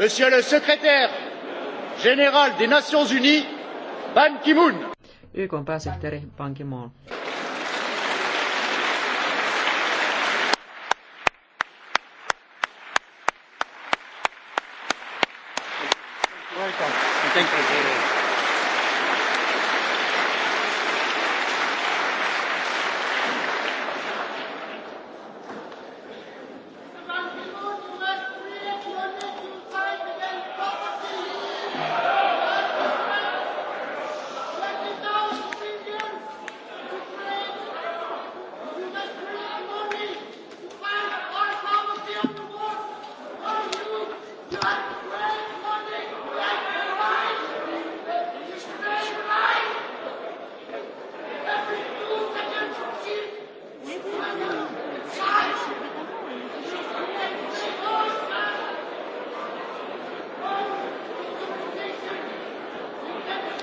Monsieur le secrétaire général des Nations Unies, Ban Ki-moon. YK pääsihteeri Ban Ki-moon. Thank you.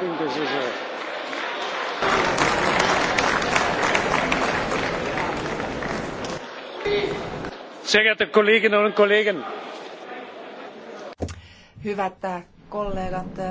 think this is a Sehr geehrte Kolleginnen und Kollegen! Hyvät kollegat,